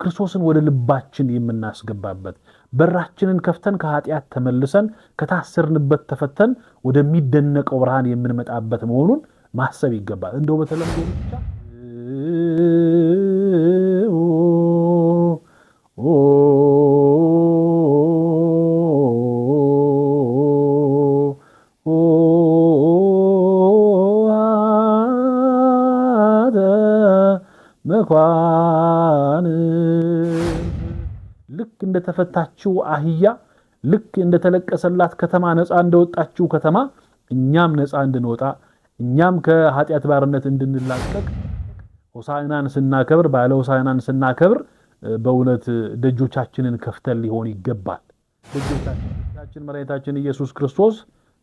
ክርስቶስን ወደ ልባችን የምናስገባበት በራችንን ከፍተን ከኃጢአት ተመልሰን ከታሰርንበት ተፈተን ወደሚደነቀው ብርሃን የምንመጣበት መሆኑን ማሰብ ይገባል። እንደው በተለምዶ ብቻ ልክ እንደተፈታችው አህያ ልክ እንደተለቀሰላት ከተማ ነፃ እንደወጣችው ከተማ እኛም ነፃ እንድንወጣ እኛም ከኃጢአት ባርነት እንድንላቀቅ ሆሳዕናን ስናከብር ባለ ሆሳዕናን ስናከብር በእውነት ደጆቻችንን ከፍተን ሊሆን ይገባል። ደጆቻችን መድኃኒታችን ኢየሱስ ክርስቶስ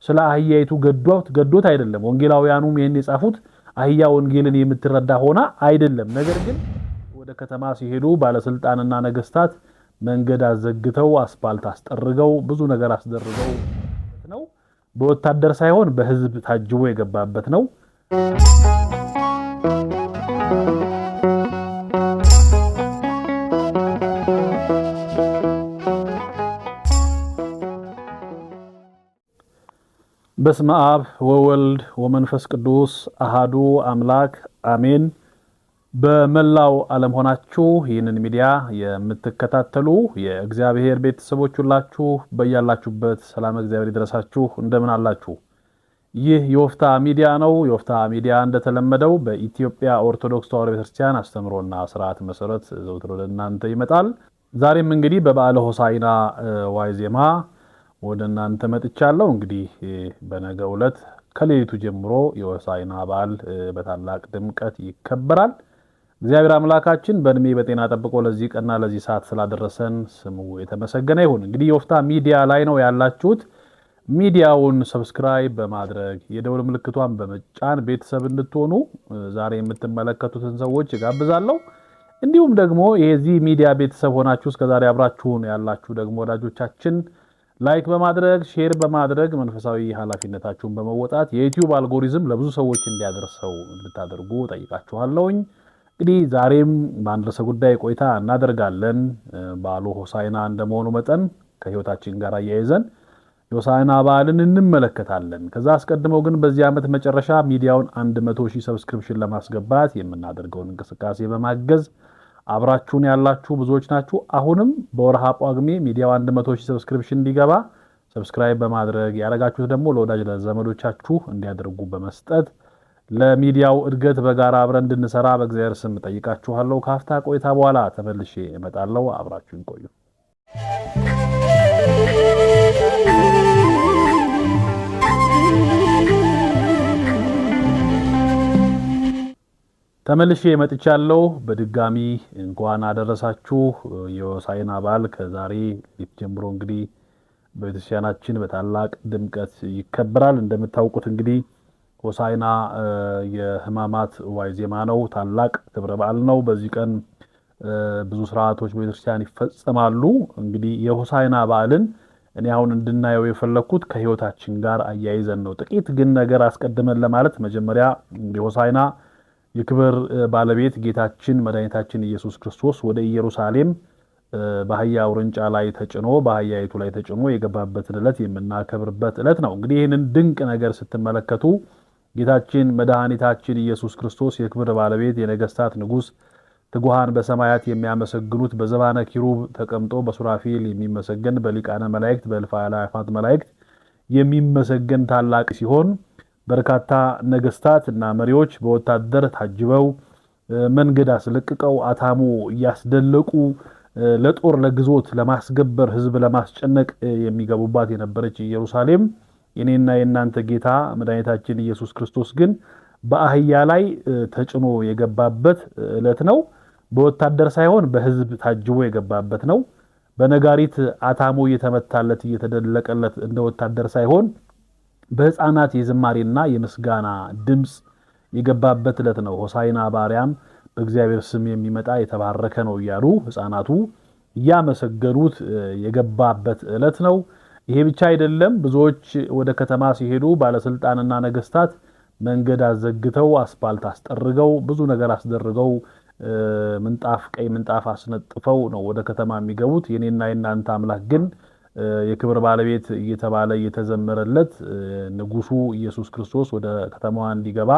ስለ አህያይቱ ገዶት ገዶት አይደለም። ወንጌላውያኑም ይህን የጻፉት አህያ ወንጌልን የምትረዳ ሆና አይደለም። ነገር ግን ወደ ከተማ ሲሄዱ ባለስልጣንና ነገስታት መንገድ አዘግተው አስፓልት አስጠርገው ብዙ ነገር አስደርገው ነው። በወታደር ሳይሆን በህዝብ ታጅቦ የገባበት ነው። በስመ አብ ወወልድ ወመንፈስ ቅዱስ አሃዱ አምላክ አሜን። በመላው ዓለም ሆናችሁ ይህንን ሚዲያ የምትከታተሉ የእግዚአብሔር ቤተሰቦች ሁላችሁ በያላችሁበት ሰላም እግዚአብሔር ይድረሳችሁ። እንደምን አላችሁ? ይህ የወፍታ ሚዲያ ነው። የወፍታ ሚዲያ እንደተለመደው በኢትዮጵያ ኦርቶዶክስ ተዋሕዶ ቤተክርስቲያን አስተምሮና ስርዓት መሰረት ዘውትር ወደ እናንተ ይመጣል። ዛሬም እንግዲህ በበዓለ ሆሳዕና ዋዜማ ወደ እናንተ መጥቻለሁ። እንግዲህ በነገ ዕለት ከሌሊቱ ጀምሮ የሆሳዕና በዓል በታላቅ ድምቀት ይከበራል። እግዚአብሔር አምላካችን በእድሜ በጤና ጠብቆ ለዚህ ቀና ለዚህ ሰዓት ስላደረሰን ስሙ የተመሰገነ ይሁን። እንግዲህ የወፍታ ሚዲያ ላይ ነው ያላችሁት። ሚዲያውን ሰብስክራይብ በማድረግ የደውል ምልክቷን በመጫን ቤተሰብ እንድትሆኑ ዛሬ የምትመለከቱትን ሰዎች ጋብዛለሁ። እንዲሁም ደግሞ የዚህ ሚዲያ ቤተሰብ ሆናችሁ እስከዛሬ አብራችሁን ያላችሁ ደግሞ ወዳጆቻችን ላይክ በማድረግ ሼር በማድረግ መንፈሳዊ ኃላፊነታችሁን በመወጣት የዩቲዩብ አልጎሪዝም ለብዙ ሰዎች እንዲያደርሰው እንድታደርጉ ጠይቃችኋለውኝ። እንግዲህ ዛሬም በአንድ ርዕሰ ጉዳይ ቆይታ እናደርጋለን። በዓሉ ሆሳይና እንደመሆኑ መጠን ከህይወታችን ጋር አያይዘን የሆሳይና በዓልን እንመለከታለን። ከዛ አስቀድመው ግን በዚህ ዓመት መጨረሻ ሚዲያውን አንድ መቶ ሺህ ሰብስክሪፕሽን ለማስገባት የምናደርገውን እንቅስቃሴ በማገዝ አብራችሁን ያላችሁ ብዙዎች ናችሁ። አሁንም በወርሃ ጳጉሜ ሚዲያው አንድ መቶ ሺህ ሰብስክሪፕሽን እንዲገባ ሰብስክራይብ በማድረግ ያደረጋችሁት ደግሞ ለወዳጅ ለዘመዶቻችሁ እንዲያደርጉ በመስጠት ለሚዲያው እድገት በጋራ አብረን እንድንሰራ በእግዚአብሔር ስም ጠይቃችኋለሁ። ካፍታ ቆይታ በኋላ ተመልሼ እመጣለሁ። አብራችሁን ቆዩ። ተመልሼ መጥቻለሁ። በድጋሚ እንኳን አደረሳችሁ። የሆሳዕና በዓል ከዛሬ ሌት ጀምሮ እንግዲህ በቤተክርስቲያናችን በታላቅ ድምቀት ይከበራል። እንደምታውቁት እንግዲህ የህማማት የሕማማት ዜማ ነው። ታላቅ ክብረ በዓል ነው። በዚህ ቀን ብዙ ስርዓቶች በቤተክርስቲያን ይፈጸማሉ። እንግዲህ የሆሳይና በዓልን እኔ አሁን እንድናየው የፈለግኩት ከህይወታችን ጋር አያይዘን ነው። ጥቂት ግን ነገር አስቀድመን ለማለት መጀመሪያ ሆሳይና የክብር ባለቤት ጌታችን መድኃኒታችን ኢየሱስ ክርስቶስ ወደ ኢየሩሳሌም በአህያ ውርንጫ ላይ ተጭኖ በአህያይቱ ላይ ተጭኖ የገባበትን ዕለት የምናከብርበት ዕለት ነው። እንግዲህ ይህንን ድንቅ ነገር ስትመለከቱ ጌታችን መድኃኒታችን ኢየሱስ ክርስቶስ የክብር ባለቤት የነገስታት ንጉሥ ትጉሃን በሰማያት የሚያመሰግኑት በዘባነ ኪሩብ ተቀምጦ በሱራፊል የሚመሰገን በሊቃነ መላእክት በእልፍ አእላፋት መላእክት የሚመሰገን ታላቅ ሲሆን በርካታ ነገስታት እና መሪዎች በወታደር ታጅበው መንገድ አስለቅቀው አታሞ እያስደለቁ ለጦር ለግዞት ለማስገበር ህዝብ ለማስጨነቅ የሚገቡባት የነበረች ኢየሩሳሌም የኔና የእናንተ ጌታ መድኃኒታችን ኢየሱስ ክርስቶስ ግን በአህያ ላይ ተጭኖ የገባበት ዕለት ነው። በወታደር ሳይሆን በሕዝብ ታጅቦ የገባበት ነው። በነጋሪት አታሞ እየተመታለት እየተደለቀለት እንደ ወታደር ሳይሆን በሕፃናት የዝማሬና የምስጋና ድምፅ የገባበት ዕለት ነው። ሆሳይና ባሪያም በእግዚአብሔር ስም የሚመጣ የተባረከ ነው እያሉ ሕፃናቱ እያመሰገኑት የገባበት ዕለት ነው። ይሄ ብቻ አይደለም። ብዙዎች ወደ ከተማ ሲሄዱ ባለስልጣንና ነገስታት መንገድ አዘግተው አስፓልት አስጠርገው ብዙ ነገር አስደርገው ምንጣፍ ቀይ ምንጣፍ አስነጥፈው ነው ወደ ከተማ የሚገቡት። የኔና የናንተ አምላክ ግን የክብር ባለቤት እየተባለ እየተዘመረለት ንጉሱ ኢየሱስ ክርስቶስ ወደ ከተማዋ እንዲገባ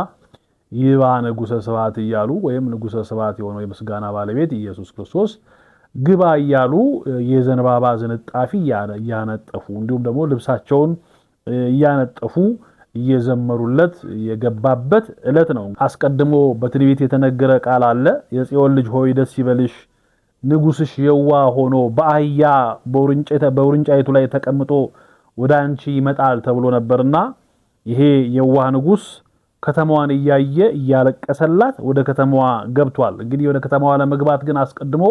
ይባ ንጉሰ ስባት እያሉ ወይም ንጉሰ ስባት የሆነው የምስጋና ባለቤት ኢየሱስ ክርስቶስ ግባ እያሉ የዘንባባ ዝንጣፊ እያነጠፉ እንዲሁም ደግሞ ልብሳቸውን እያነጠፉ እየዘመሩለት የገባበት ዕለት ነው። አስቀድሞ በትንቢት የተነገረ ቃል አለ። የጽዮን ልጅ ሆይ ደስ ይበልሽ፣ ንጉሥሽ የዋ ሆኖ በአህያ በውርንጫይቱ ላይ ተቀምጦ ወደ አንቺ ይመጣል ተብሎ ነበርና ይሄ የዋ ንጉሥ ከተማዋን እያየ እያለቀሰላት ወደ ከተማዋ ገብቷል። እንግዲህ ወደ ከተማዋ ለመግባት ግን አስቀድሞ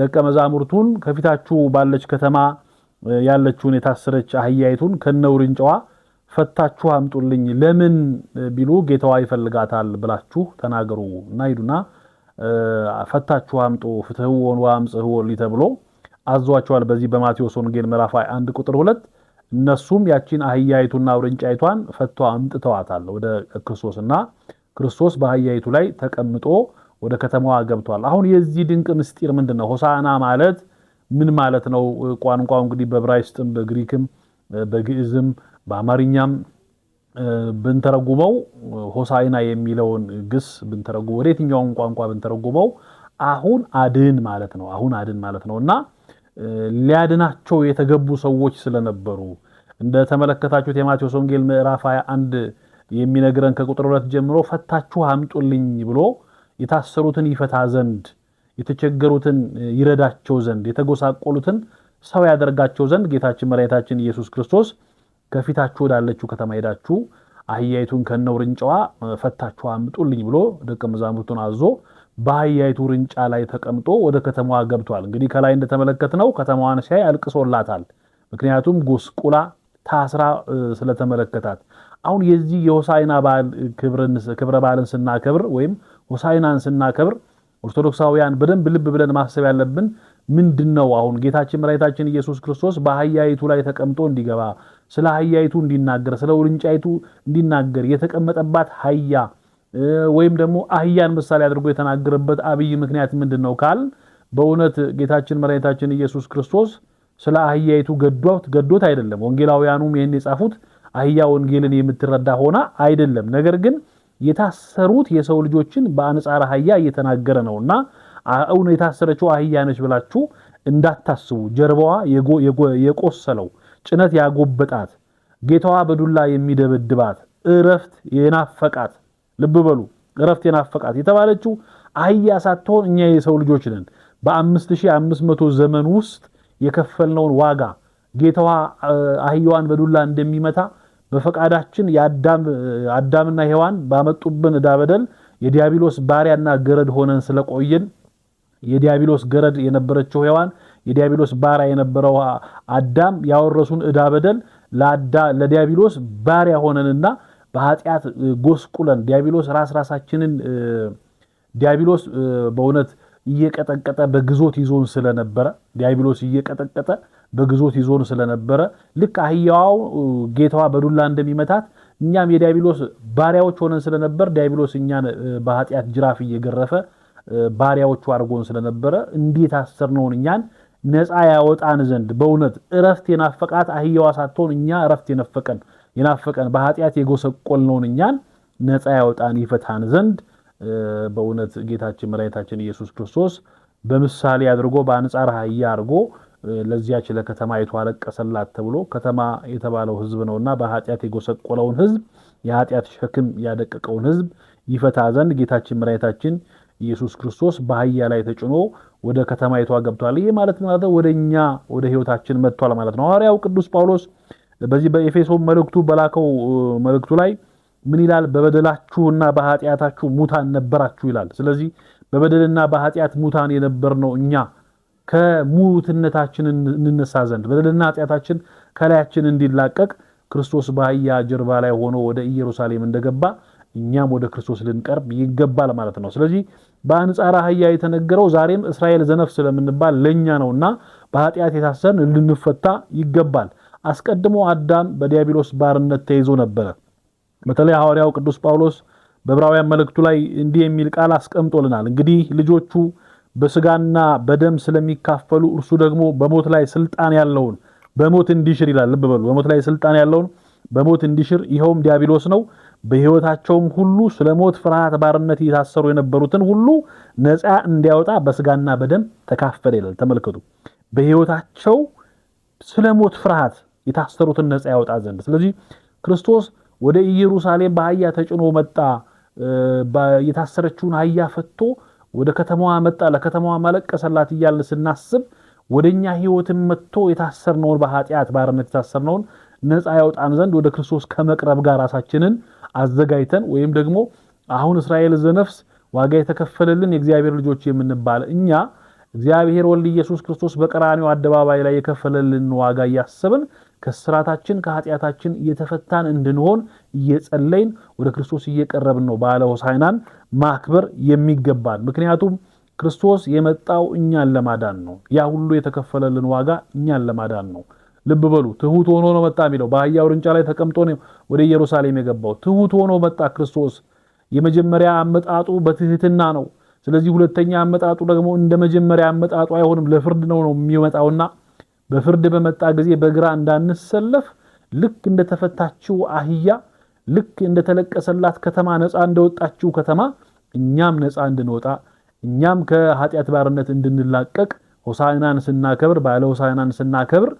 ደቀ መዛሙርቱን ከፊታችሁ ባለች ከተማ ያለችውን የታሰረች አህያይቱን ከነውርንጫዋ ፈታችሁ አምጡልኝ ለምን ቢሉ ጌታዋ ይፈልጋታል ብላችሁ ተናገሩ እና ሂዱና ፈታችሁ አምጡ ፍትሕዎን ወአምጽእዎን ተብሎ አዟቸዋል። በዚህ በማቴዎስ ወንጌል ምዕራፍ አንድ ቁጥር ሁለት እነሱም ያቺን አህያይቱና ውርንጫይቷን ፈቷ አምጥተዋታል ወደ ክርስቶስ እና ክርስቶስ በአህያይቱ ላይ ተቀምጦ ወደ ከተማዋ ገብቷል። አሁን የዚህ ድንቅ ምስጢር ምንድን ነው? ሆሳና ማለት ምን ማለት ነው? ቋንቋው እንግዲህ በዕብራይስጥም በግሪክም በግዕዝም በአማርኛም ብንተረጉመው ሆሳይና የሚለውን ግስ ብንተረጉመው ወደ የትኛውን ቋንቋ ብንተረጉመው አሁን አድን ማለት ነው። አሁን አድን ማለት ነው እና ሊያድናቸው የተገቡ ሰዎች ስለነበሩ እንደተመለከታችሁት የማቴዎስ ወንጌል ምዕራፍ 21 የሚነግረን ከቁጥር ሁለት ጀምሮ ፈታችሁ አምጡልኝ ብሎ የታሰሩትን ይፈታ ዘንድ የተቸገሩትን ይረዳቸው ዘንድ የተጎሳቆሉትን ሰው ያደርጋቸው ዘንድ ጌታችን መድኃኒታችን ኢየሱስ ክርስቶስ ከፊታችሁ ወዳለችው ከተማ ሄዳችሁ አህያይቱን ከነ ውርንጫዋ ፈታችሁ አምጡልኝ ብሎ ደቀ መዛሙርቱን አዞ በአህያይቱ ርንጫ ላይ ተቀምጦ ወደ ከተማዋ ገብቷል። እንግዲህ ከላይ እንደተመለከትነው ከተማዋን ሲያይ አልቅሶላታል። ምክንያቱም ጎስቁላ ታስራ ስለተመለከታት። አሁን የዚህ የሆሳይና በዓል ክብረ በዓልን ስናከብር ወይም ሆሳዕናን ስናከብር ኦርቶዶክሳውያን በደንብ ልብ ብለን ማሰብ ያለብን ምንድን ነው? አሁን ጌታችን መድኃኒታችን ኢየሱስ ክርስቶስ በአህያይቱ ላይ ተቀምጦ እንዲገባ ስለ አህያይቱ እንዲናገር፣ ስለ ውርንጫይቱ እንዲናገር የተቀመጠባት አህያ ወይም ደግሞ አህያን ምሳሌ አድርጎ የተናገረበት አብይ ምክንያት ምንድን ነው ካል በእውነት ጌታችን መድኃኒታችን ኢየሱስ ክርስቶስ ስለ አህያይቱ ገዶት አይደለም። ወንጌላውያኑም ይህን የጻፉት አህያ ወንጌልን የምትረዳ ሆና አይደለም ነገር ግን የታሰሩት የሰው ልጆችን በአንጻር አህያ እየተናገረ ነውና እውን የታሰረችው አህያ ነች ብላችሁ እንዳታስቡ። ጀርባዋ የቆሰለው ጭነት ያጎበጣት፣ ጌታዋ በዱላ የሚደበድባት፣ እረፍት የናፈቃት ልብ በሉ እረፍት የናፈቃት የተባለችው አህያ ሳትሆን እኛ የሰው ልጆች ነን። በ5500 ዘመን ውስጥ የከፈልነውን ዋጋ ጌታዋ አህያዋን በዱላ እንደሚመታ በፈቃዳችን አዳምና ሔዋን ባመጡብን ዕዳ በደል የዲያብሎስ ባሪያና ገረድ ሆነን ስለቆየን የዲያብሎስ ገረድ የነበረችው ሔዋን የዲያብሎስ ባሪያ የነበረው አዳም ያወረሱን ዕዳ በደል ለዲያብሎስ ባሪያ ሆነንና በኃጢአት ጎስቁለን ዲያብሎስ ራስ ራሳችንን ዲያብሎስ በእውነት እየቀጠቀጠ በግዞት ይዞን ስለነበረ ዲያብሎስ እየቀጠቀጠ በግዞት ይዞን ስለነበረ ልክ አህያዋው ጌታዋ በዱላ እንደሚመታት እኛም የዲያብሎስ ባሪያዎች ሆነን ስለነበር ዲያብሎስ እኛን በኃጢአት ጅራፍ እየገረፈ ባሪያዎቹ አድርጎን ስለነበረ እንዴት አስር ነውን እኛን ነፃ ያወጣን ዘንድ በእውነት እረፍት የናፈቃት አህያዋ ሳትሆን እኛ እረፍት የነፈቀን የናፈቀን በኃጢአት የጎሰቆል ነውን እኛን ነፃ ያወጣን ይፈታን ዘንድ በእውነት ጌታችን መድኃኒታችን ኢየሱስ ክርስቶስ በምሳሌ አድርጎ በአንጻር አህያ አድርጎ ለዚያች ለከተማ አለቀሰላት ተብሎ ከተማ የተባለው ህዝብ ነውና በኃጢአት የጎሰቆለውን ህዝብ የኃጢአት ሸክም ያደቀቀውን ህዝብ ይፈታ ዘንድ ጌታችን መድኃኒታችን ኢየሱስ ክርስቶስ በአህያ ላይ ተጭኖ ወደ ከተማይቷ ገብቷል። ይህ ማለት ማለት ነው ወደ እኛ ወደ ህይወታችን መጥቷል ማለት ነው። ሐዋርያው ቅዱስ ጳውሎስ በዚህ በኤፌሶን መልእክቱ በላከው መልእክቱ ላይ ምን ይላል? በበደላችሁና በኃጢአታችሁ ሙታን ነበራችሁ ይላል። ስለዚህ በበደልና በኃጢአት ሙታን የነበር ነው እኛ ከሙትነታችን እንነሳ ዘንድ በደልና ኃጢአታችን ከላያችን እንዲላቀቅ ክርስቶስ በአህያ ጀርባ ላይ ሆኖ ወደ ኢየሩሳሌም እንደገባ እኛም ወደ ክርስቶስ ልንቀርብ ይገባል ማለት ነው። ስለዚህ በአንጻር አህያ የተነገረው ዛሬም እስራኤል ዘነፍ ስለምንባል ለእኛ ነውና በኃጢአት የታሰርን ልንፈታ ይገባል። አስቀድሞ አዳም በዲያብሎስ ባርነት ተይዞ ነበረ። በተለይ ሐዋርያው ቅዱስ ጳውሎስ በዕብራውያን መልእክቱ ላይ እንዲህ የሚል ቃል አስቀምጦልናል። እንግዲህ ልጆቹ በስጋና በደም ስለሚካፈሉ እርሱ ደግሞ በሞት ላይ ስልጣን ያለውን በሞት እንዲሽር ይላል። ልብ በሉ፣ በሞት ላይ ስልጣን ያለውን በሞት እንዲሽር ይኸውም ዲያብሎስ ነው። በሕይወታቸውም ሁሉ ስለ ሞት ፍርሃት ባርነት እየታሰሩ የነበሩትን ሁሉ ነፃ እንዲያወጣ በስጋና በደም ተካፈለ ይላል። ተመልከቱ፣ በሕይወታቸው ስለ ሞት ፍርሃት የታሰሩትን ነፃ ያወጣ ዘንድ። ስለዚህ ክርስቶስ ወደ ኢየሩሳሌም በአህያ ተጭኖ መጣ። የታሰረችውን አህያ ፈቶ ወደ ከተማዋ መጣ፣ ለከተማዋ ማለቀሰላት እያልን ስናስብ ወደ እኛ ህይወትን መጥቶ የታሰርነውን በኃጢአት ባርነት የታሰርነውን ነፃ ያውጣን ዘንድ ወደ ክርስቶስ ከመቅረብ ጋር ራሳችንን አዘጋጅተን ወይም ደግሞ አሁን እስራኤል ዘነፍስ ዋጋ የተከፈለልን የእግዚአብሔር ልጆች የምንባል እኛ እግዚአብሔር ወልድ ኢየሱስ ክርስቶስ በቀራኒው አደባባይ ላይ የከፈለልን ዋጋ እያሰብን ከስራታችን ከኃጢአታችን እየተፈታን እንድንሆን እየጸለይን ወደ ክርስቶስ እየቀረብን ነው። ባለ ሆሳይናን ማክበር የሚገባል። ምክንያቱም ክርስቶስ የመጣው እኛን ለማዳን ነው። ያ ሁሉ የተከፈለልን ዋጋ እኛን ለማዳን ነው። ልብ በሉ። ትሁት ሆኖ ነው መጣ የሚለው። በአህያ ውርንጫ ላይ ተቀምጦ ነው ወደ ኢየሩሳሌም የገባው። ትሁት ሆኖ መጣ ክርስቶስ። የመጀመሪያ አመጣጡ በትህትና ነው። ስለዚህ ሁለተኛ አመጣጡ ደግሞ እንደ መጀመሪያ አመጣጡ አይሆንም። ለፍርድ ነው ነው የሚመጣውና በፍርድ በመጣ ጊዜ በግራ እንዳንሰለፍ ልክ እንደተፈታችው አህያ ልክ እንደተለቀሰላት ከተማ ነፃ እንደወጣችው ከተማ እኛም ነፃ እንድንወጣ እኛም ከኃጢአት ባርነት እንድንላቀቅ ሆሳዕናን ስናከብር ባለ ሆሳዕናን ስናከብር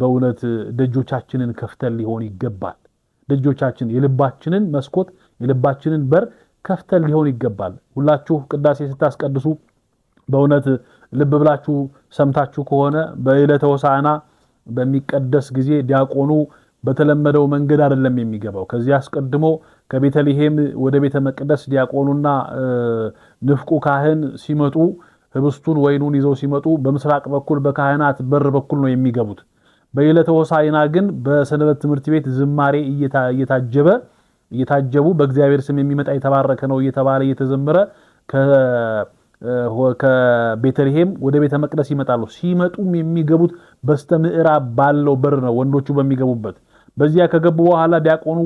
በእውነት ደጆቻችንን ከፍተን ሊሆን ይገባል። ደጆቻችን የልባችንን መስኮት የልባችንን በር ከፍተን ሊሆን ይገባል። ሁላችሁ ቅዳሴ ስታስቀድሱ በእውነት ልብ ብላችሁ ሰምታችሁ ከሆነ በዕለተ ሆሳዕና በሚቀደስ ጊዜ ዲያቆኑ በተለመደው መንገድ አይደለም የሚገባው። ከዚህ አስቀድሞ ከቤተልሔም ወደ ቤተ መቅደስ ዲያቆኑና ንፍቁ ካህን ሲመጡ ህብስቱን ወይኑን ይዘው ሲመጡ በምስራቅ በኩል በካህናት በር በኩል ነው የሚገቡት። በዕለተ ሆሳዕና ግን በሰንበት ትምህርት ቤት ዝማሬ እየታጀበ እየታጀቡ በእግዚአብሔር ስም የሚመጣ የተባረከ ነው እየተባለ እየተዘመረ ከቤተልሔም ወደ ቤተ መቅደስ ይመጣሉ። ሲመጡም የሚገቡት በስተ ምዕራብ ባለው በር ነው፣ ወንዶቹ በሚገቡበት በዚያ ከገቡ በኋላ ዲያቆኑ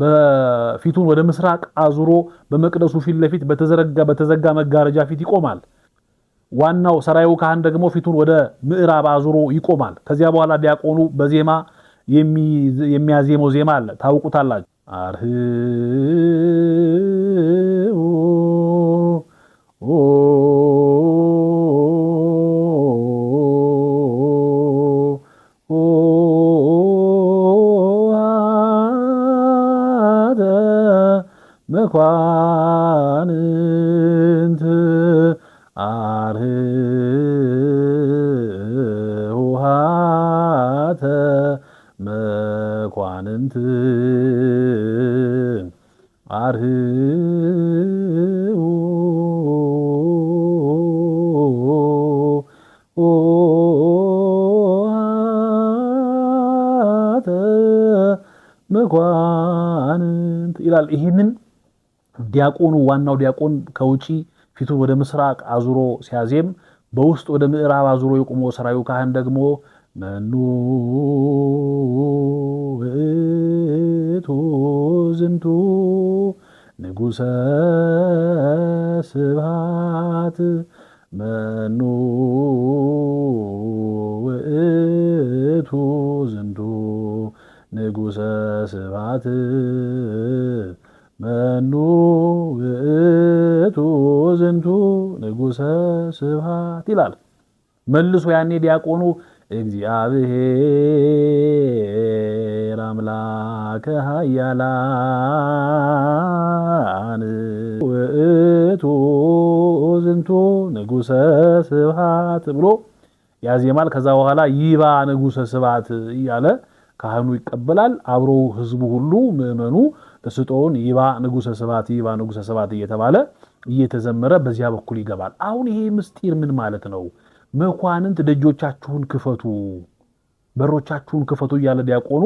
በፊቱን ወደ ምስራቅ አዙሮ በመቅደሱ ፊት ለፊት በተዘረጋ በተዘጋ መጋረጃ ፊት ይቆማል። ዋናው ሰራዩ ካህን ደግሞ ፊቱን ወደ ምዕራብ አዙሮ ይቆማል። ከዚያ በኋላ ዲያቆኑ በዜማ የሚያዜመው ዜማ አለ፣ ታውቁታላችሁ። መኳንንት አርህውሃተ መኳንንት አርህው መኳንንት ይላል። ይህንን ዲያቆኑ ዋናው ዲያቆን ከውጪ ፊቱን ወደ ምስራቅ አዙሮ ሲያዜም በውስጥ ወደ ምዕራብ አዙሮ የቆመው ሰራዩ ካህን ደግሞ መኑ ውእቱ ዝንቱ ንጉሰ ስብሃት መኑ ውእቱ ዝንቱ ንጉሰ ስብሃት መኑ ውእቱ ዝንቱ ንጉሰ ስብሐት ይላል። መልሶ ያኔ ዲያቆኑ እግዚአብሔር አምላከ ኃያላን ውእቱ ዝንቱ ንጉሰ ስብሐት ብሎ ያዜማል። ከዛ በኋላ ይባ ንጉሰ ስብሐት እያለ ካህኑ ይቀበላል። አብሮ ህዝቡ ሁሉ ምዕመኑ ተስጦውን ይባ ንጉሰ ሰባት ይባ ንጉሰ ሰባት እየተባለ እየተዘመረ በዚያ በኩል ይገባል። አሁን ይሄ ምስጢር ምን ማለት ነው? መኳንንት ደጆቻችሁን ክፈቱ፣ በሮቻችሁን ክፈቱ እያለ ዲያቆኑ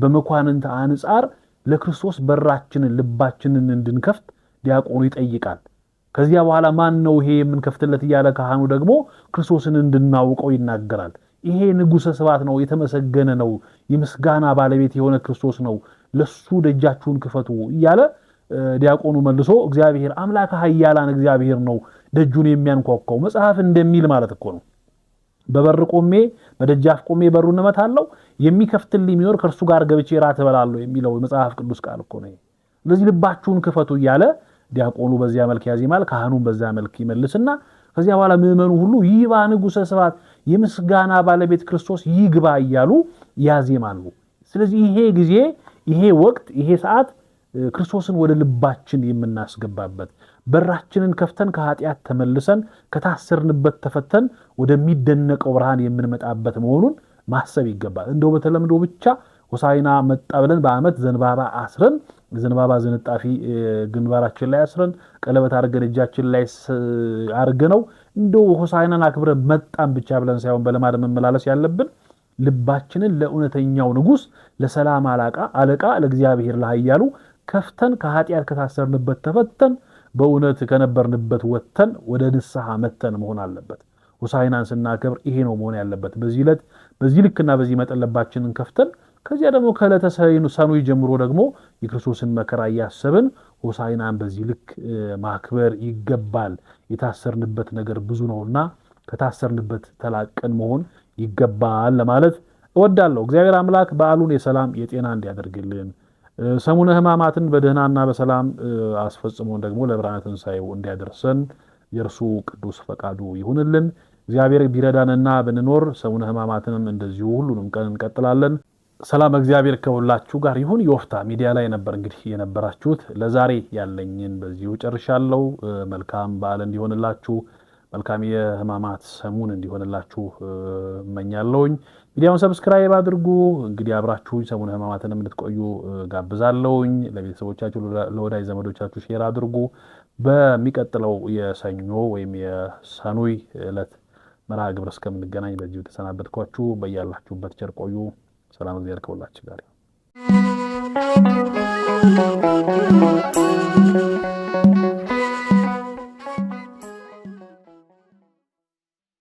በመኳንንት አንጻር ለክርስቶስ በራችንን ልባችንን እንድንከፍት ዲያቆኑ ይጠይቃል። ከዚያ በኋላ ማን ነው ይሄ የምንከፍትለት እያለ ካህኑ ደግሞ ክርስቶስን እንድናውቀው ይናገራል። ይሄ ንጉሰ ስብሐት ነው፣ የተመሰገነ ነው፣ የምስጋና ባለቤት የሆነ ክርስቶስ ነው ለሱ ደጃችሁን ክፈቱ እያለ ዲያቆኑ መልሶ እግዚአብሔር አምላክ ኃያላን እግዚአብሔር ነው ደጁን የሚያንኳኳው መጽሐፍ እንደሚል ማለት እኮ ነው። በበር ቆሜ በደጃፍ ቆሜ በሩ እንመታለው የሚከፍትልኝ ቢኖር ከእርሱ ጋር ገብቼ ራት እበላለሁ የሚለው መጽሐፍ ቅዱስ ቃል እኮ ነው። ስለዚህ ልባችሁን ክፈቱ እያለ ዲያቆኑ በዚያ መልክ ያዜማል፣ ካህኑን በዛ መልክ ይመልስና ከዚያ በኋላ ምዕመኑ ሁሉ ይባ ንጉሠ ስብሐት የምስጋና ባለቤት ክርስቶስ ይግባ እያሉ ያዜማሉ። ስለዚህ ይሄ ጊዜ ይሄ ወቅት ይሄ ሰዓት ክርስቶስን ወደ ልባችን የምናስገባበት በራችንን ከፍተን ከኃጢአት ተመልሰን ከታሰርንበት ተፈተን ወደሚደነቀው ብርሃን የምንመጣበት መሆኑን ማሰብ ይገባል። እንደው በተለምዶ ብቻ ሆሳይና መጣ ብለን በአመት ዘንባባ አስረን ዘንባባ ዝንጣፊ ግንባራችን ላይ አስረን ቀለበት አድርገን እጃችን ላይ አድርገ ነው እንደው ሆሳይናን አክብረን መጣን ብቻ ብለን ሳይሆን በለማድ መመላለስ ያለብን ልባችንን ለእውነተኛው ንጉሥ ለሰላም አላቃ አለቃ ለእግዚአብሔር እያሉ ከፍተን ከኃጢአት ከታሰርንበት ተፈተን በእውነት ከነበርንበት ወጥተን ወደ ንስሐ መተን መሆን አለበት። ሆሳዕናን ስናከብር ይሄ ነው መሆን ያለበት። በዚህ ዕለት በዚህ ልክና በዚህ መጠን ልባችንን ከፍተን ከዚያ ደግሞ ከዕለተ ሰኑ ጀምሮ ደግሞ የክርስቶስን መከራ እያሰብን ሆሳዕናን በዚህ ልክ ማክበር ይገባል። የታሰርንበት ነገር ብዙ ነውና ከታሰርንበት ተላቀን መሆን ይገባል ለማለት እወዳለሁ። እግዚአብሔር አምላክ በዓሉን የሰላም የጤና እንዲያደርግልን ሰሙነ ሕማማትን በደህናና በሰላም አስፈጽሞ ደግሞ ለብርሃነ ትንሣኤው እንዲያደርሰን የእርሱ ቅዱስ ፈቃዱ ይሁንልን። እግዚአብሔር ቢረዳንና ብንኖር ሰሙነ ሕማማትንም እንደዚሁ ሁሉንም ቀን እንቀጥላለን። ሰላም እግዚአብሔር ከሁላችሁ ጋር ይሁን። የወፍታ ሚዲያ ላይ ነበር እንግዲህ የነበራችሁት። ለዛሬ ያለኝን በዚሁ ጨርሻለሁ። መልካም በዓል እንዲሆንላችሁ መልካም የህማማት ሰሙን እንዲሆንላችሁ እመኛለሁኝ። ሚዲያውን ሰብስክራይብ አድርጉ። እንግዲህ አብራችሁኝ ሰሙን ህማማትን እንድትቆዩ ጋብዛለውኝ። ለቤተሰቦቻችሁ፣ ለወዳጅ ዘመዶቻችሁ ሼር አድርጉ። በሚቀጥለው የሰኞ ወይም የሰኑይ ዕለት መርሃ ግብር እስከምንገናኝ በዚሁ ተሰናበትኳችሁ። በያላችሁበት ቸር ቆዩ። ሰላም፣ እግዚአብሔር ከሁላችን ጋር